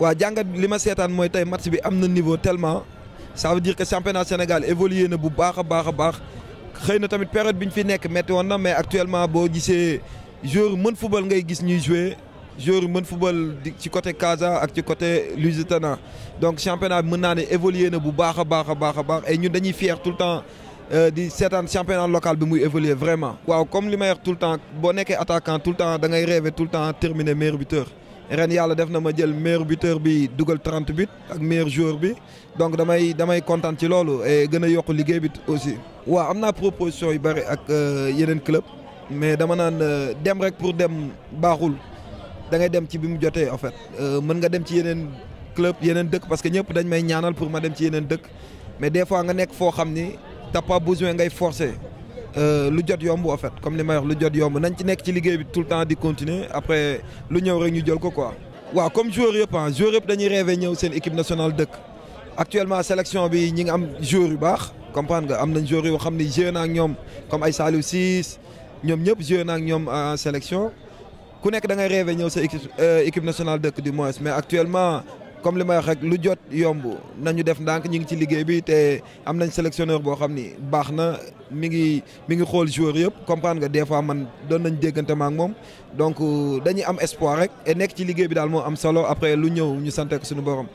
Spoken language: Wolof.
wa jàngat li ma seetaan mooy match bi amna niveau tellement ça veut dire que championnat Sénégal évoluer na bu baax a baax xeyna tamit période biñ fi nek metti wonna mais actuellement bo gissé joueur mën football ngay giss ñuy jouer joueur mën football ci côté Casa ak ci côté Lusitana donc championnat bi mën évoluer ne na bu baax a baax baax et ñun dañuy fier tout le temps euh, di sétane championnat local bi muy évoluer vraiment. waaw comme li may wax tout le temps bo nekkee attaquant tout le temps da ngay rêver tout le temps terminer meilleur buteur ren yàlla def na ma jël meilleur buteur bi dougal 30 buts ak meilleur joueur bi donc damay damay content ci lolu et gën yok yokk bi aussi. wa amna proposition yu bari ak euh, yenen club mais dama nan euh, dem rek pour dem baxul da ngay dem ci bimu joté en fait meun nga dem ci yenen club yenen deuk parce que ñëpp dañ may ñaanal pour ma dem ci yenen deuk mais des fois nga nek fo xamni ni t'as pas besoin ngay forcer. Euh, lu jot yomb en fait comme les may wax lu jot yomb nañ ci nek ci liggéey bi tout le temps di continuer après lu ñew rek ñu jël ko quoi. Wa comme joueur yëpp ah hein. joueur yëpp dañuy rêvé ñëw seen équipe nationale dëkk actuellement sélection bi ñi ngi am joueur yu bax comprendre nga am nañ joueur yoo xamni ne ak ñom comme ay Saliou Ciss ñoom jouer jeune ak ñom en sélection ku nek da ngay rêvé ñew sa équipe euh, équipe nationale dëkk du moins mais actuellement. comme li ma wax rek lu jot yomb nañu def ndànk ñu ngi ci liggéey bi te am nañ sélectionneur boo xam ni baax na mi ngi mi ngi xool joueur yëpp comprendre nga des fois man doon nañ déggante ma moom donc euh, dañuy am espoir rek et nekk ci liggéey bi daal moo am solo après lu ñëw ñu sante ko suñu borom.